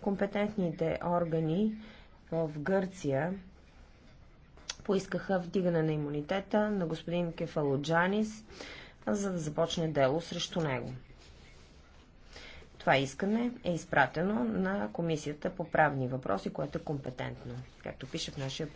Компетентните органи в Гърция поискаха вдигане на имунитета на господин Кефалоджанис, за да започне дело срещу него. Това искане е изпратено на Комисията по правни въпроси, което е компетентно, както пише в нашия